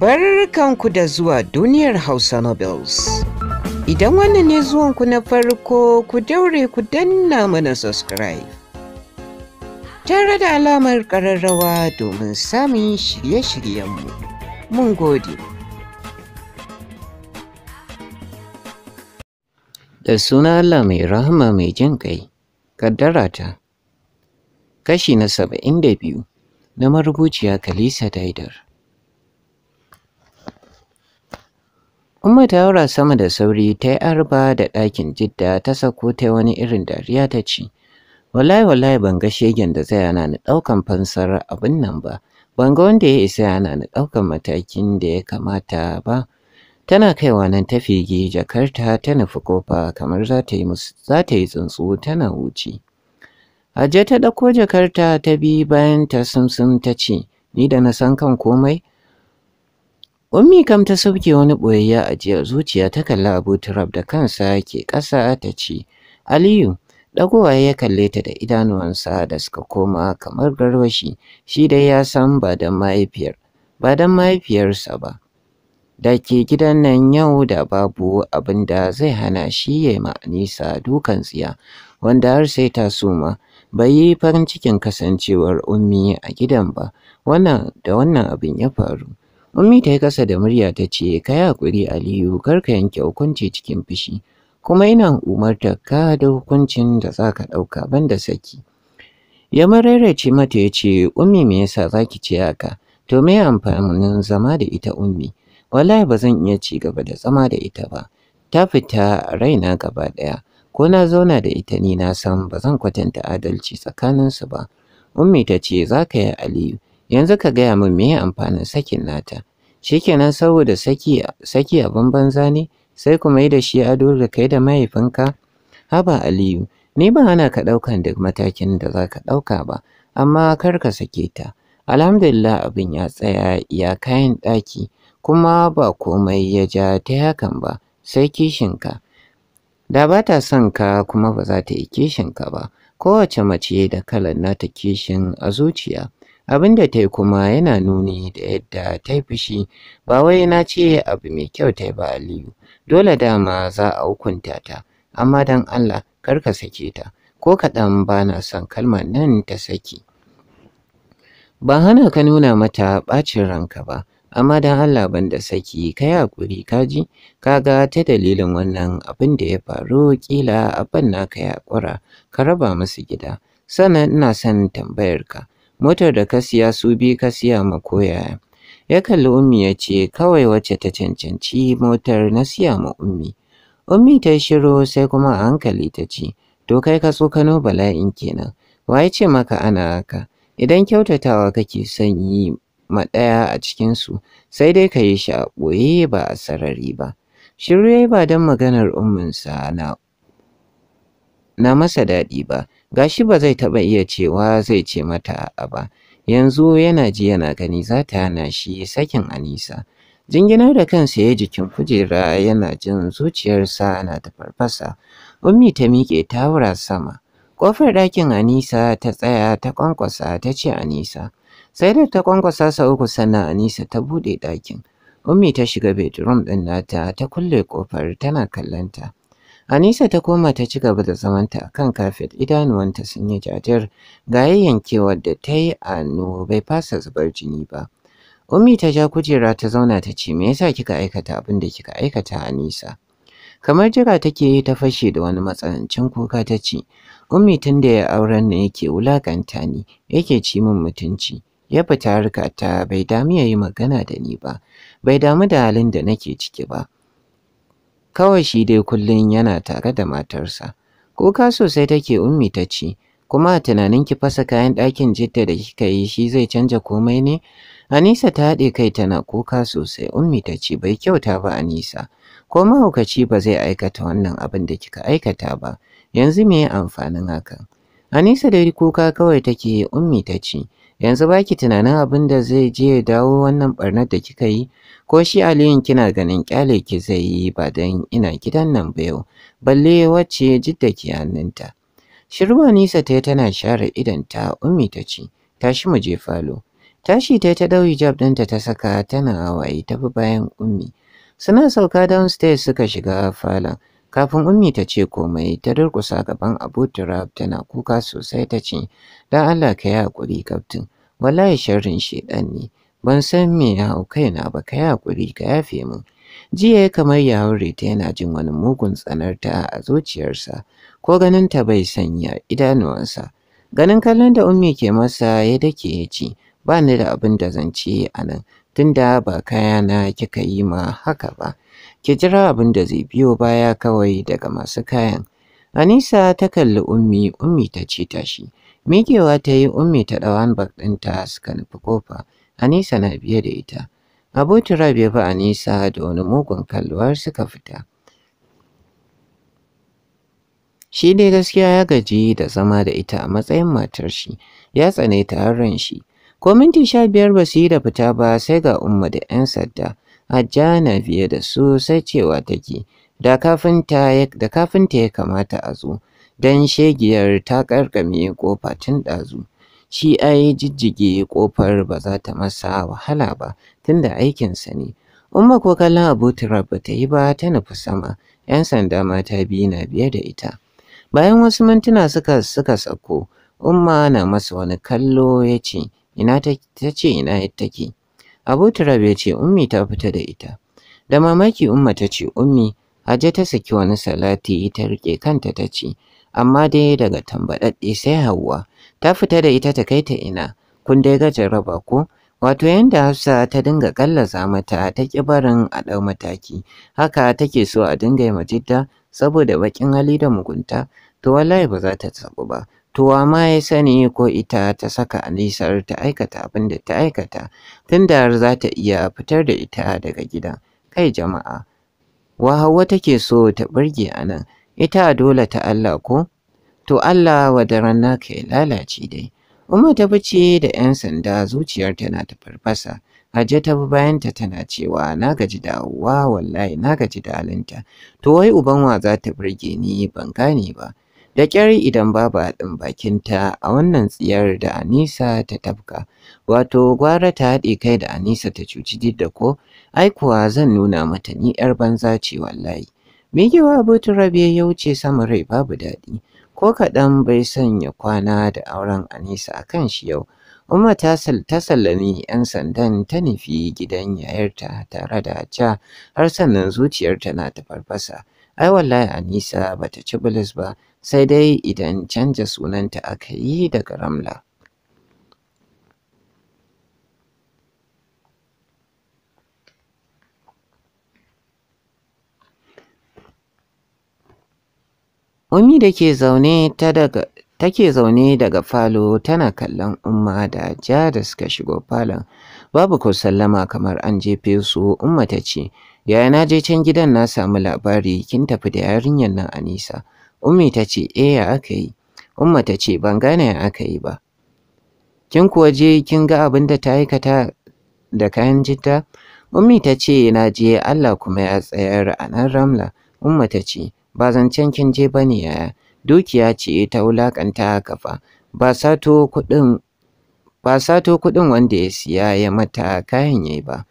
Barkanku da zuwa duniyar Hausa Nobles. Idan wannan ne zuwanku na farko ku daure ku danna mana subscribe. Tare da alamar ƙararrawa domin samun shirye-shiryenmu. Mun gode. Da suna Allah mai rahama mai jin kai, kaddara ta. Kashi na saba'in da biyu na marubuciya Kalisa Daidar. Umma ta haura sama da sauri ta yi arba da ɗakin jidda ta sako ta wani irin dariya ta ce, Wallahi wallahi ban ga shegen da zai hana ni ɗaukan fansar abin nan ba, ban ga wanda ya isa hana ni ɗaukan matakin da ya kamata ba. Tana kaiwa nan ta fige jakarta ta nufi kofa kamar za ta yi tsuntsu tana wuce. Hajja ta ɗauko jakarta ta bi bayan ta sumsum ta ce, Ni da na san kan komai, Ummi kam ta sauke wani boyayya a jiya zuciya ta kalla Abu Turab da kansa ke ƙasa ta ci. Aliyu, ɗagowa ya kalle ta da idanuwansa da suka koma kamar garwashi, shi dai ya san ba don mahaifiyar, ba don mahaifiyarsa ba. Da ke gidan nan yau da babu abin da zai hana shi ya ma'anisa dukan tsiya, wanda har sai ta suma. bai yi farin cikin kasancewar ummi a gidan ba wannan da wannan abin ya faru Ummi ta yi kasa da murya ta ce, ka yi haƙuri Aliyu, kar ka yanke hukunci cikin fushi, kuma ina umarta ka da hukuncin da za ka ɗauka banda saki. Ya mararrace mata ya ce, Ummi me yasa za ki ce haka? To me amfanin zama da ita Ummi? Wallahi ba zan iya ci gaba da zama da ita ba. Ta fita raina gaba ɗaya. Ko na zauna da ita ni na san ba zan kwatanta adalci tsakaninsu ba. Ummi ta ce, za ka yi Aliyu, yanzu ka gaya min me amfanin sakin nata shikenan saboda saki saki abin banza ne sai kuma yi da shi ado da kai da mahaifinka haba aliyu ni ba ana ka ɗaukan duk matakin da za ka ɗauka ba amma kar ka sake ta alhamdulillah abin ya tsaya ya kayan ɗaki kuma ba komai ya ja ta hakan ba sai kishinka da ba ta son ka kuma ba za ta yi kishinka ba kowace mace da kalan nata kishin a zuciya abin da ta yi kuma yana nuni da yadda ta yi fushi ba wai na ce abu mai kyau ta yi ba aliyu dole dama za a hukunta ta amma don allah kar ka sake ta ko kaɗan ba na son kalmar nan ta saki ba hana ka nuna mata ɓacin ranka ba amma don allah ban da saki ka yi haƙuri ka ji ka ga ta dalilin wannan abin da ya faru ƙila abin naka ya ƙura ka raba musu gida sannan ina son tambayar ka Motar da ka siya su bi ka siya ma ko Ya kalli Ummi ya ce, kawai wacce ta cancanci motar na siya ma Ummi. Ummi ta yi shiru sai kuma a hankali ta ce, to kai ka tsokano bala'in kenan. Wa ya ce maka ana haka? Idan kyautatawa kake son yi ma ɗaya a cikinsu, sai dai ka yi shi a ɓoye ba a sarari ba. Shiru ya yi ba don maganar umminsa na masa daɗi ba gashi ba zai taba iya cewa zai ce mata a'a ba yanzu yana ji yana gani za ta hana shi sakin anisa jinginar da kansa ya jikin kujera yana jin zuciyarsa na ta farfasa ummi ta miƙe ta wura sama Kofar ɗakin anisa ta tsaya ta ƙwanƙwasa ta ce anisa sai da ta ƙwanƙwasa sau uku sannan anisa ta buɗe ɗakin ummi ta shiga bedroom ɗin nata ta kulle ƙofar tana kallonta Anisa ta koma ta ci gaba da zamanta a kan kafet idanuwanta sun yi jajir ga yankewar da ta yi a bai fasa zubar jini ba. Umi ta ja kujera ta zauna ta ce me yasa kika aikata abin da kika aikata Anisa? Kamar jira take yi ta fashe da wani matsanancin kuka ta ce Umi tun da ya auren na yake wulaƙanta ni yake ci min mutunci ya fita harka ta bai damu ya yi magana da ni ba bai damu da halin da nake ciki ba kawai shi dai kullum yana tare da matarsa. Kuka sosai take ummi ta ci, kuma a tunanin ki fasa kayan ɗakin jidda da kika yi shi zai canja komai ne? Anisa ta haɗe kai tana kuka sosai, ummi ta ce bai kyauta ba Anisa, ko mahaukaci ba zai aikata wannan abin da kika aikata ba, yanzu me amfanin haka. Anisa dai kuka kawai take ummi ta ce, yanzu ba ki tunanin abin da zai je ya dawo wannan barnar da kika yi ko shi aliyun kina ganin kyale ki zai yi ba don ina gidan nan ba yau balle wacce jidda ki hannunta shirwa nisa ta tana share idanta Umi ta ce tashi mu je falo tashi ta ta dau hijab ɗinta ta saka tana hawaye ta bi bayan umi. suna sauka downstairs suka shiga falon Kafin Ummi ta ce komai, ta durƙusa gaban Abu Turab tana kuka sosai ta ce, "Dan Allah ka yi haƙuri, kaftin, wallahi sharrin shaiɗan ne, ban san me ya hau kaina ba, ka yi haƙuri, ka yafe min." Jiya ya kamar ya haure ta yana jin wani mugun tsanarta a zuciyarsa, ko ganin ta bai sanya idanuwansa. Ganin kallon da Ummi ke masa ya dake ya ce, "Ba ni da abin da zan ce a tunda ba kayana kika yi ma haka ba." ki jira abin da zai biyo baya kawai daga masu kayan. Anisa ta kalli ummi, ummi ta ce tashi. Miƙewa ta yi ummi ta ɗau handbag ɗinta suka nufi kofa Anisa na biye da ita. Abu Turab ya bi Anisa da wani mugun kalluwar suka fita. Shi dai gaskiya ya gaji da zama da ita a matsayin matar shi, ya tsane ta har ran shi. Ko minti sha biyar ba su yi da fita ba sai ga Umma da 'yan sadda na biye da su sai cewa take, da kafinta ya kamata a zo, don shegiyar ta ƙarƙame ƙofa tun ɗazu. Shi ai jijjige ƙofar ba za ta masa wahala ba, tunda aikinsa ne. Umma ko kallon Abu Turab ba ta yi ba ta nufi sama, ‘yan sanda mata biyu na biye da ita. Bayan wasu mintuna suka suka sako, Umma na masa wani kallo ya ce, ina ta ce ina take. Abu Turab ya ce Ummi ta fita da ita. Da mamaki Umma ta ce Ummi Hajja ta saki wani salati ta rike kanta ta ce amma dai daga tambaɗaɗɗe sai Hauwa ta fita da ita ta kai ta ina kun dai ga jaraba ko wato yanda Hafsa ta dinga kallasa mata ta ki barin a dau mataki haka take so a dinga yi majidda saboda baƙin hali da mugunta to wallahi ba za ta tsabu ba to wa ma ya sani ko ita ta saka Alisar ta aikata abin da ta aikata tun da har za ta iya fitar da ita daga gida kai jama'a wa Hauwa take so ta burge a nan ita dole ta Allah ko to Allah wa daren naka ya lalace dai Umma ta bace da 'yan sanda zuciyar tana ta farfasa Hajja ta bi bayanta tana cewa na gaji da wa wallahi na gaji da halinta to wai uban wa za ta burge ni ban gane ba da ƙyar idan babu haɗin bakinta a wannan tsiyar da Anisa ta tafka. Wato gwara ta haɗe kai da Anisa ta cuci didda ko, ai kuwa zan nuna mata ni ‘yar banza ce wallahi. Migewa Abutu Rabi ya wuce sama rai babu daɗi, ko kaɗan bai sanya kwana da auren Anisa a kan shi yau. Umma ta sallami 'yan sandan ta nufi gidan yayarta tare da ja har sannan zuciyarta na ta farfasa. ai wallahi Anisa bata ci bilis ba sai dai idan canja sunanta aka yi daga Ramla. Umi da ke zaune ta daga take zaune daga falo tana kallon umma da ja da suka shigo falon babu ko sallama kamar an jefe su umma ta ce Yaya na je can gidan na samu labari kin tafi da yarinyar nan Anisa. Ummi ta ce eh ya aka yi. Umma ta ce ban gane ya aka yi ba. Kin kuwa je kin ga abin da ta aikata da kayan jitta? Ummi ta ce na je Allah kuma ya tsayar a nan Ramla. Umma ta ce ba zancen kin je ba ne yaya. Dukiya ce ta wulakanta kafa, Ba sato kuɗin ba sato kuɗin wanda ya siya ya mata kayan yayi ba.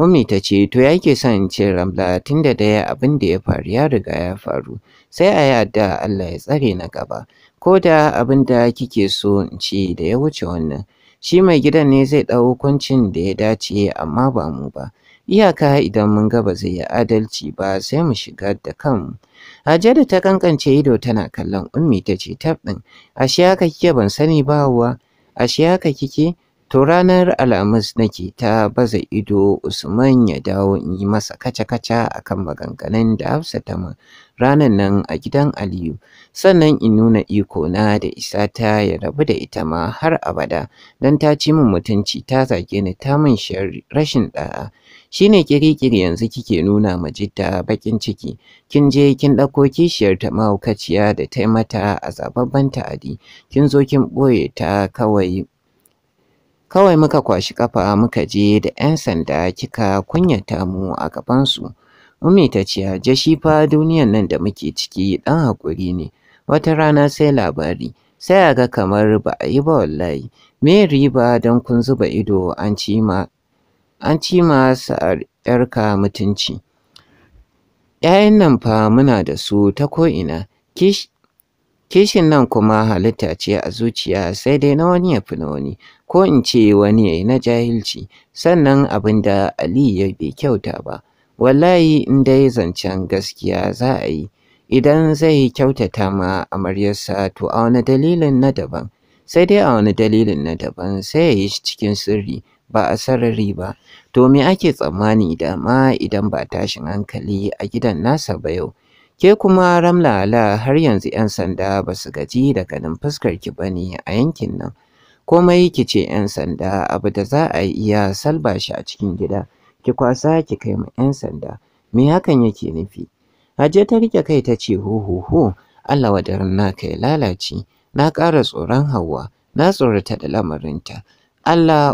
Ummi ta ce, To ya ke son in ce Ramla tun da daya abin da ya faru ya riga ya faru, sai a yi addu'a Allah ya tsare na gaba, ko da abin da kike so in ce da ya wuce wannan. Shi mai gidan ne zai ɗau hukuncin da ya dace amma ba mu ba. Iyaka idan mun ga ba zai yi adalci ba sai mu shiga da kanmu. da ta kankance ido tana kallon Ummi ta ce tab ashe haka kike ban sani ba wa, ashe haka kike To ranar Alhamis nake ta baza ido Usman ya dawo in yi masa kaca-kaca akan maganganun da Hafsa ta min ranar nan a gidan Aliyu, sannan in nuna iko na da isa ta ya rabu da ita ma har abada dan ta ci min mutunci ta zage ni ta min rashin ɗa'a. shine ne kirikiri yanzu kike nuna ma jidda baƙin ciki, kin je kin ɗauko kishiyar ta mahaukaciya da ta mata a zababban ta'adi, kin zo kin boye ta kawai Kawai muka kwashi kafa muka je da 'yan sanda kika kunyata mu a gabansu. Ummi ta ce, ja shi fa duniyar nan da muke ciki ɗan hakuri ne, wata rana sai labari, sai a ga kamar ba a yi ba wallahi, me riba don kun zuba ido an ci ma an ci ma sa'arka mutunci. ‘Ya'yan nan fa muna da su ta ko'ina, Kishin nan kuma halitta ce a zuciya sai dai na wani yafi na wani, ko in ce wani yayi na jahilci, sannan abin da Ali ya bai kyauta ba. Wallahi in dai zancen gaskiya za a yi, idan zai kyautata ma amaryarsa to a wani dalilin na daban, sai dai a wani dalilin na daban sai ya yi cikin sirri ba a sarari ba. To me ake tsammani da ma idan ba tashin hankali a gidan nasa ba yau. Ke kuma Ramlala har yanzu 'yan sanda ba su gaji da ganin fuskarki ba ne a yankin nan. Komai ki ce 'yan sanda abu da za a iya salba shi a cikin gida, ki kwasa ki kai ma 'yan sanda. Me hakan yake nufi? Hajiya ta rike kai ta ce ho ho ho, Allah wadarin na kai lalaci, na ƙara tsoron Hauwa, na tsorata da lamarinta. Allah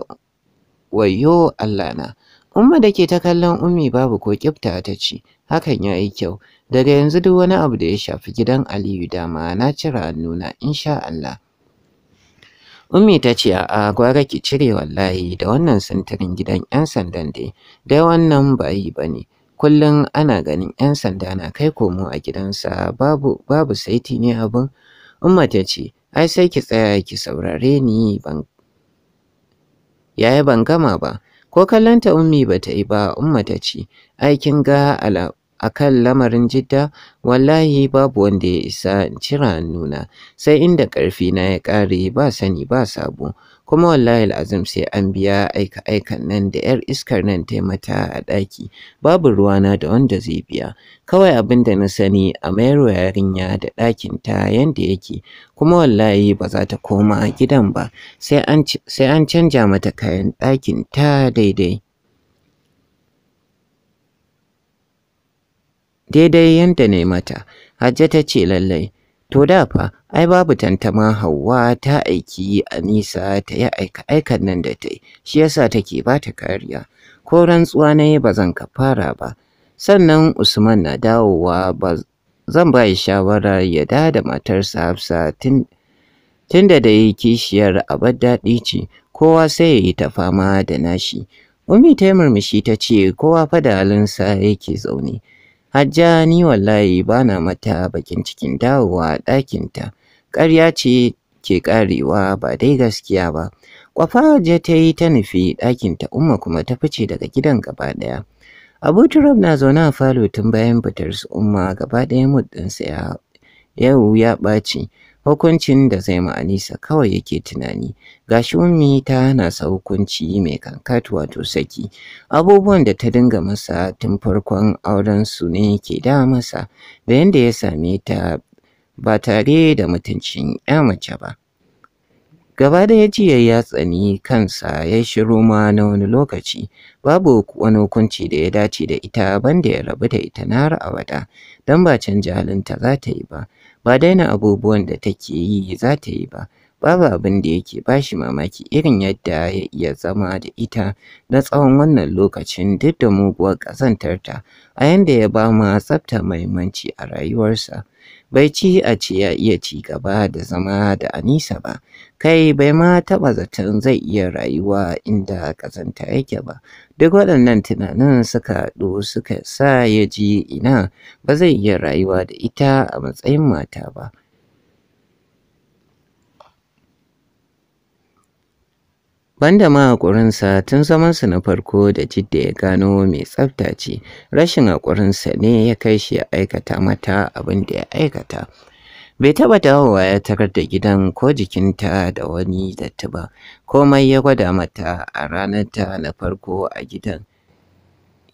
wayo Allah na. Umma da ke ta kallon Ummi babu ko kifta ta ce, hakan ya yi kyau. daga yanzu duk wani abu da ya shafi gidan Aliyu dama na cire nuna, insha Allah Ummi ta ce a'a gwara ki cire wallahi da wannan sintirin gidan 'yan sandan dai dai wannan ba yi ba ne kullum ana ganin 'yan sanda na kai komo a gidansa babu saiti ne abin Umma ta ce ai sai ki tsaya ki saurare ni ban yaya ban gama ba ko kallonta ummi ba ta yi ba umma ta ce ai kin ga ala a kan lamarin jidda wallahi babu wanda ya isa cira nuna sai inda ƙarfi na ya ƙare ba sani ba sabo kuma wallahi azum sai an biya aika aikan nan da yar iskar nan ta mata a ɗaki babu ruwa na da wanda zai biya kawai abin da na sani a mayarwa yarinya da ɗakin ta yanda yake kuma wallahi ba za ta koma gidan ba sai an canja mata kayan ɗakin ta daidai daidai yadda ne mata. Hajja ta ce lallai, to da fa ai babu tantama Hauwa ta aiki a nisa ta yi aika-aikan nan da ta yi, shi yasa take ba ta kariya. Ko rantsuwa na yi ba zan ka fara ba. Sannan Usman na dawowa ba zan ba shawarar shawara ya da da matarsa Hafsa tun da da yi kishiyar abar daɗi ce, kowa sai ya yi ta fama da nashi. Umi ta yi murmushi ta ce kowa fa da halinsa yake zaune. Hajja ni wallahi na mata bakin cikin dawowa ɗakinta. Ƙarya ce ke ƙarewa ba dai gaskiya ba. Kwafa Hajja ta yi ta nufi ɗakinta Umma kuma ta fice daga gidan gaba ɗaya. Abu Turab na zaune a falo tun bayan fitar su Umma gaba ɗaya mud ɗinsa ya yau ya ɓaci. hukuncin da zai ma'anisa Anisa kawai yake tunani gashi ummi ta hana sa hukunci mai kankat wato saki abubuwan da ta dinga masa tun farkon auren su ne ke da masa da yanda ya same ta ba tare da mutuncin ya mace ba gaba da ya jiya ya tsani kansa ya shiru ma na wani lokaci babu wani hukunci da ya dace da ita banda ya rabu da ita na har abada don ba canja halinta za ta yi ba ba daina abubuwan da take yi za ta yi ba babu abin da yake shi mamaki irin yadda ya iya zama da ita na tsawon wannan lokacin duk da muguwar ta a yanda ya ba ma tsafta maimanci a rayuwarsa bai ci a ce ya iya ci gaba da zama da Anisa ba kai bai ma taɓa zaton zai iya rayuwa inda ƙazanta yake ba duk waɗannan tunanin suka haɗu suka sa ya ji ina ba zai iya rayuwa da ita a matsayin mata ba Banda ma haƙurinsa tun zamansa na farko da jidda ya gano mai tsafta ce, rashin haƙurinsa ne ya kai shi ya aikata mata abin da ya aikata. bai taɓa dawowa ya tarar da gidan ko jikinta da wani datti ba komai ya gwada mata a ranar ta na farko a gidan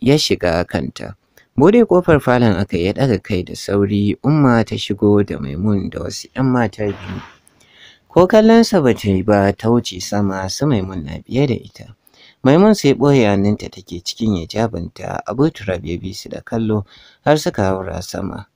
ya shiga kanta bude kofar falon aka ya daga kai da sauri umma ta shigo da maimun da wasu 'yan mata biyu ko kallonsa ba ta yi ba ta wuce sama su maimun na biye da ita Maimun sai ɓoye hannunta take cikin hijabinta, Abu turabe, bisu da kallo har suka haura sama.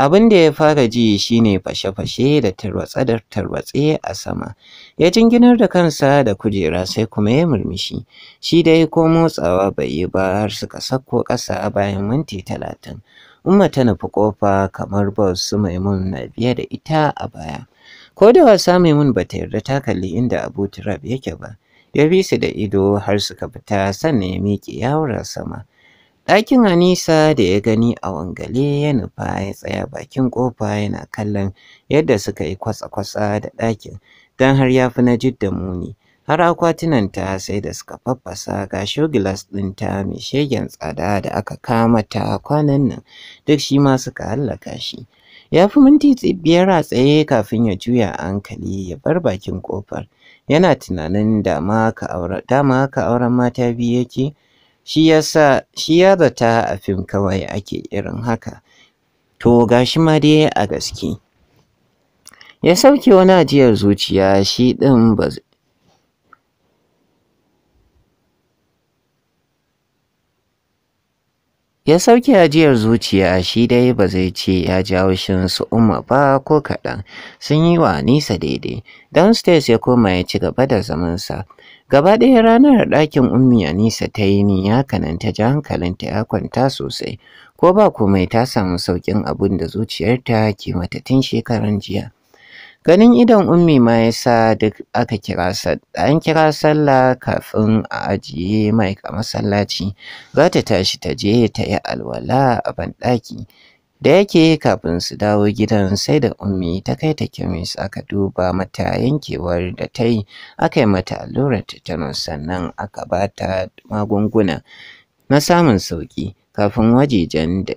Abin da ya fara ji shi ne fashe-fashe da tarwatse-tarwatse a sama. Ya jinginar da kansa da kujera sai kuma ya murmushi. Shi dai ko motsawa bai yi ba har suka sako ƙasa bayan minti talatin. Umma ta nufi ƙofa kamar bas su Maimun na biye da ita a baya. Ko da wasa Maimun ba ta yarda ta kalli inda Abu Turab yake ba. Ya bi su da ido har suka fita sannan ya miƙe yawon sama. Ɗakin Anisa da ya gani a wangale ya nufa ya tsaya bakin ƙofa yana kallon yadda suka yi kwatsa-kwatsa da ɗakin don har ya fi na jidda muni. Har akwatinanta sai da suka faffasa ga shogilas ɗinta mai shegen tsada da aka kama ta kwanan nan duk shi ma suka hallaka shi. Ya fi minti biyar a tsaye kafin ya juya hankali ya bar bakin ƙofar. Yana tunanin dama ka auren mata biyu yake. shi yasa shi ya zata a fim kawai ake irin haka to ga shi ma dai a gaske ya sauke wani ajiyar zuciya shi ɗin ba ya sauke ajiyar zuciya shi dai ba zai ce ya jawo shin su umma ba ko kaɗan sun yi wa nisa daidai downstairs ya koma ya ci gaba da zamansa Gaba ɗaya ranar ɗakin Ummi nisa ta yi ni ya kananta ji hankalinta ya kwanta sosai, ko ba komai ta samu sauƙin abin da zuciyarta ke mata tun shekaran jiya. Ganin idan Ummi ma ya sa duk aka kira an kira sallah kafin a ajiye mai a masallaci, za ta tashi ta je ta yi alwala a banɗaki. da yake kafin su dawo gidan sai da ummi ta kai ta kemis aka duba mata yankewar da ta yi aka yi mata allurar tetanus sannan aka ba ta magunguna na samun sauki kafin wajejen da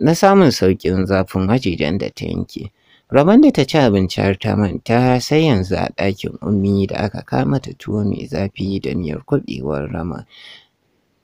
na samun saukin zafin wajejen da ta yanke Rabon da ta ci abinci har ta manta sai yanzu a ɗakin ummi da aka kama ta tuwo mai zafi da miyar kuɓewar rama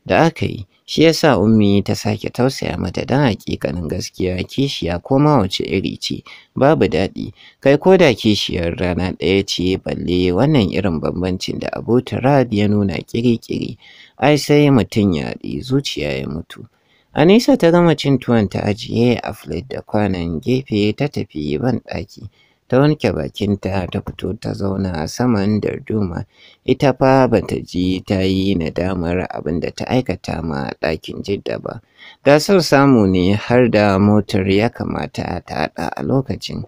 da aka yi shi yasa ummi ta sake tausaya mata don hakikanin gaskiya kishiya ko ma wace iri ce babu daɗi kai ko da kishiyar rana ɗaya ce balle wannan irin bambancin da abu turab ya nuna kirikiri ai sai mutum ya zuciya ya mutu anisa ta gama cin tuwon ta ajiye a da kwanan gefe ta tafi ban ɗaki ta wanke bakinta ta fito ta zauna a saman darduma ita fa bata ji ta yi nadamar abin da ta aikata ma ɗakin jidda ba da son samu ne har da motar ya kamata ta haɗa a lokacin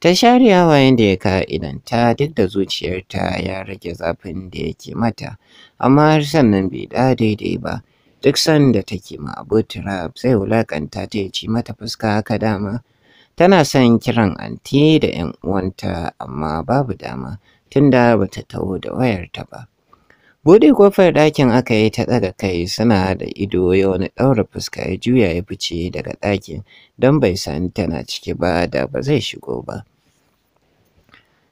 ta share hawayen da ya ka idan ta duk da zuciyarta ya rage zafin da yake mata amma har sannan bai da daidai ba duk sanda take ma abotura sai wulakanta ta ya ci mata fuska haka dama Tana son kiran anti da ‘yan uwanta amma babu dama tunda bata taho da wayarta ba. Bude, kofar ɗakin aka yi ta ɗaga kai suna da ido ya wani ɗaura fuska ya juya ya fice daga ɗakin don bai san tana ciki ba da ba zai shigo ba.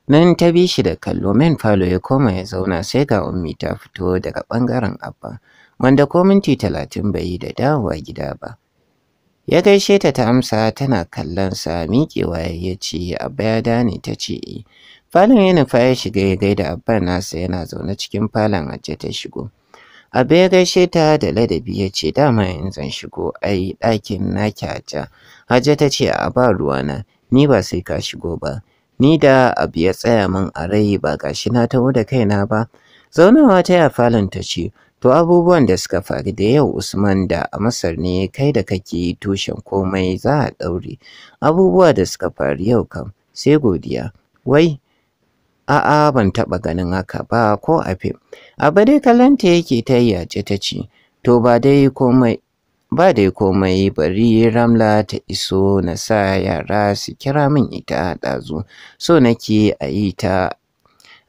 Nan ta bi shi da kallo men falo ya koma ya zauna sai ga ummi ta fito daga ɓangaren abba wanda ko minti talatin bai yi da dawowa gida ba. Ya gaishe ta ta amsa tana kallon miƙewa ya ce abba ya dane ta ce falon ya nufa ya shiga ya gaida abban nasa yana zaune cikin falon ajiye ta shigo. Abba ya gaishe ta da ladabi ya ce dama in zan shigo ai ɗakin naki aja. Hajja ta ce a ba ruwana ni ba sai ka shigo ba. Ni da abu ya tsaya min a rai ba gashi na taho da kaina ba. Zaunawa ta ya falon ta ce To abubuwan da suka faru da yau Usman da a Masar ne kai da kake tushen komai za a ɗaure. Abubuwa da suka faru yau kam sai godiya. Wai a'a ban taɓa ganin haka ba ko a fim. Abu dai kalanta yake ta ce ta ce to ba dai komai ba dai komai bari Ramla ta iso na sa yara su kira min ita ɗazu so nake a yi ta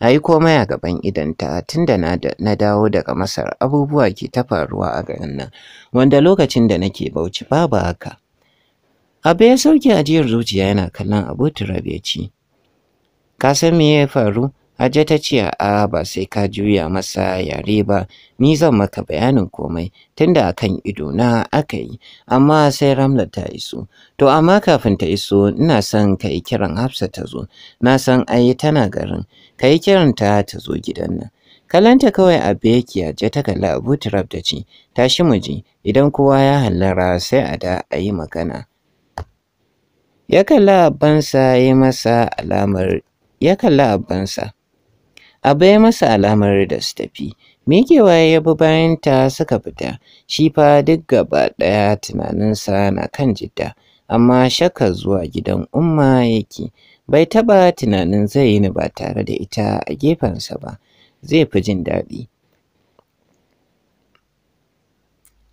na yi komai a gaban idanta tun da na dawo daga Masar abubuwa ke ta faruwa a garin nan wanda lokacin da nake Bauchi babu haka. Abu ya sauke ajiyar zuciya yana kallon abu rabe kasan Ka san me ya faru? Hajja ta ce a ba sai ka juya masa yare ba, ni zan maka bayanin komai tunda akan ido na aka yi, amma sai Ramla ta iso. To amma kafin ta iso ina son ka yi kiran Hafsa ta zo, na san ai tana garin, ka yi kiranta ta zo gidan nan. Kalanta kawai a beki je ta kalla Abu Turab da ce, tashi mu je, idan kowa ya hallara sai a da a yi magana. Ya kalla abansa ya masa alamar, ya kalla abansa. a bai masa alamar da su tafi. Mikewa ya bi bayanta suka fita, shi fa duk gaba ɗaya tunaninsa na kan jidda, amma shakka zuwa gidan umma yake. Bai taɓa tunanin zai yi ni ba tare da ita a gefensa ba, zai fi jin daɗi.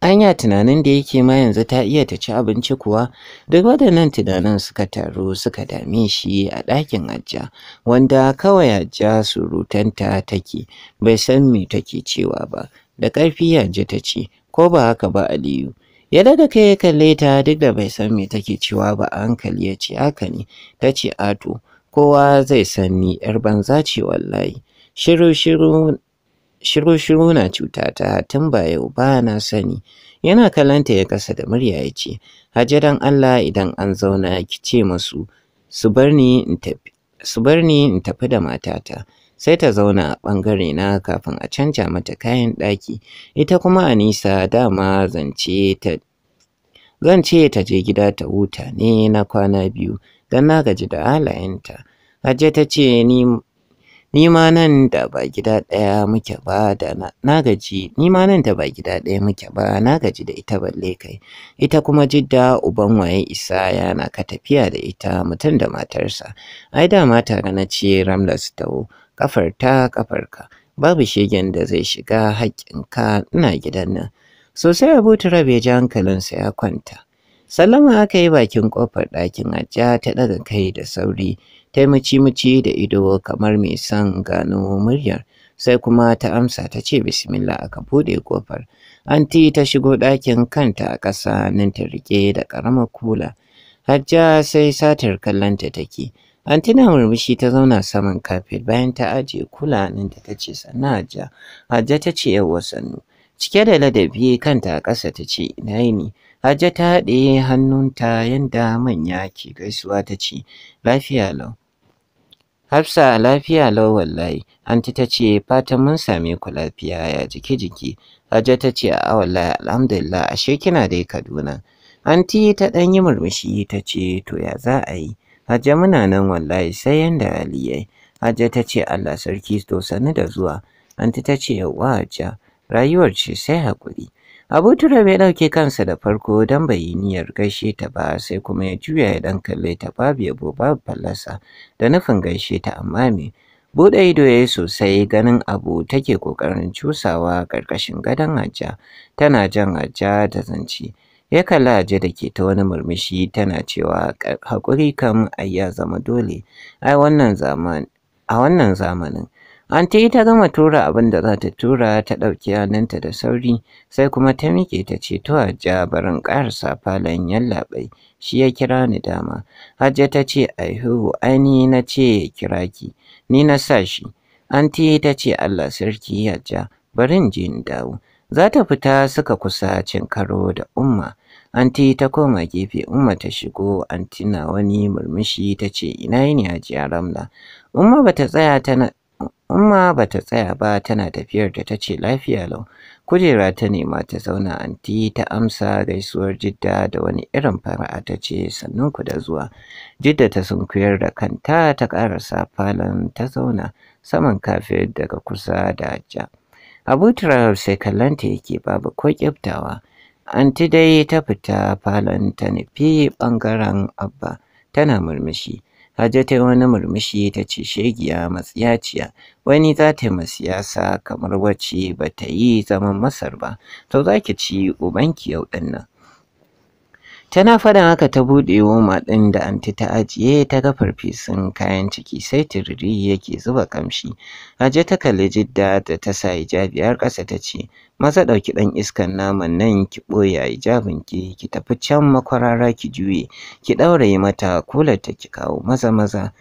Anya tunanin da yake ma yanzu ta iya ta ci abinci kuwa duk waɗannan tunanin suka taru suka dame shi a ɗakin ajiya wanda kawai ajiya surutanta take bai san me take cewa ba da ƙarfi yanzu ta ce ko ba haka ba Aliyu. Ya daga kai ya kalle ta duk da bai san me take cewa ba a hankali ya ce haka ne ta ce ato kowa zai san ni yar banza ce wallahi. Shiru shiru shiru-shiru na cutata tun ba yau ba na sani. Yana kalanta ya kasa da murya ya ce, Hajjadan Allah idan an zauna ki ce masu, su bar ni in tafi. da matata, sai ta zauna a ɓangare na kafin a canja mata kayan ɗaki, ita kuma a nisa dama zance ta zan ce ta je gida ta huta ne na kwana biyu don na gaji da halayenta. hajjata ta ce ni ni ma nan da ba gida ɗaya muke ba da na gaji ni ma nan da ba gida ɗaya muke ba na gaji da ita balle kai ita kuma jidda uban waye isa yana ka tafiya da ita mutum da matarsa ai da mata na ce ramla su tawo kafar ta kafar ka babu shegen da zai shiga haƙƙinka ina gidan nan sosai abu turab rabe ji hankalinsa ya kwanta sallama aka yi bakin kofar ɗakin ajiya ta ɗaga kai da sauri ta muci-muci da ido kamar mai son gano muryar sai kuma ta amsa ta ce bismillah aka bude kofar anti ta shigo ɗakin kanta a ƙasa nan ta riƙe da ƙaramar kula hajja sai satar kallonta take anti na murmushi ta zauna saman kafet bayan ta ajiye kula nan ta ce sannan hajja hajja ta ce yawa sannu cike da ladabi kanta a ƙasa ta ce ina ne." hajja ta haɗe hannunta yadda manya ke gaisuwa ta ce lafiya lau Hafsa lafiya lau wallahi, anti ta ce fatan mun same ku lafiya ya jiki jiki. Hajja ta ce a wallahi alhamdulillah ashe kina dai Kaduna. Anti ta ɗan yi murmushi ta ce to ya za a yi. Hajja muna nan wallahi sai yanda Ali yi. Hajja ta ce Allah sarki to sani da zuwa. Anti ta ce yauwa Hajja rayuwar ce sai haƙuri. Abu Tura ya ɗauke kansa da farko don bai yi niyyar gaishe ta ba sai kuma ya juya ya ɗan kalle ta babu yabo babu fallasa da nufin gaishe ta amma me. Buɗe ido ya yi sosai ganin abu take ƙoƙarin cusawa ƙarƙashin gadon hajja tana jan hajja da zance, Ya kalli hajja da ke ta wani murmushi tana cewa haƙuri kam ai ya zama dole. Ai wannan zaman a wannan zamanin Anti ta gama tura abin da za ta tura ta ɗauki hannunta da sauri sai kuma ta miƙe ta ce to ja barin ƙarasa falon yallaɓai shi ya kira ni dama. Hajja ta ce aihu aini na ce ya kira ki ni na sa shi. Anti ta ce Allah sarki ya Hajja barin je in dawo. Za ta fita suka kusa cin karo da Umma. Anti ta koma gefe Umma ta shigo an na wani murmushi ta ce ina ne Hajiya Ramla. Umma bata tsaya tana Amma ba ta tsaya ba tana tafiyar da ta ce lafiya lau. Kujera ta nema ta zauna anti ta amsa gaisuwar Jidda da wani irin fara'a ta ce sannan ku da zuwa. Jidda ta sunkuyar da kanta ta ƙarasa falon ta zauna saman kafet daga kusa da ja Abu Turab sai kallanta yake babu ko kyaftawa. Anti dai ta fita falon ta nufi ɓangaren Abba tana murmushi. Hajo ta yi wani murmushi ta ce shegiya matsiyaciya wani za ta yi siyasa kamar wacce ba ta yi zaman Masar ba, to za ki ci ubanki yau ɗin nan. Tana faɗin haka ta buɗe woma ɗin da anti ta ajiye ta ga farfesun kayan ciki sai tiriri yake zuba kamshi. Aje ta kalli jidda da ta sa hijabi har ƙasa ta ce, Maza ɗauki ɗan iskan naman nan ki ɓoye hijabin ki ki tafi can makwarara ki juye ki yi mata kular ta ki kawo maza maza.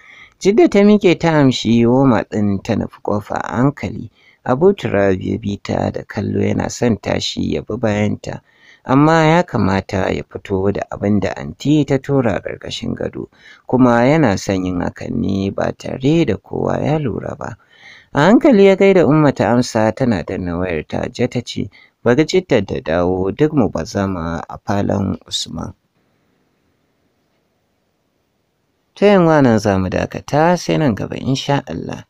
Jidda ta miƙe ta amshi woma ɗin ta nufi ƙofa a hankali. Abu Turab ta da kallo yana son tashi ya bi bayanta. amma ya kamata ya fito da abin da anti ta tura ƙarƙashin gado kuma yana son yin hakan ne ba tare da kowa ya lura ba a hankali ya gaida umma ta amsa tana danna wayar ta je ta ce bari jidda da dawo duk mu bazama a falon usman ta yin nan za mu dakata sai nan gaba insha Allah